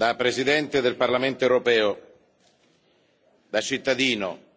da presidente del parlamento europeo da cittadino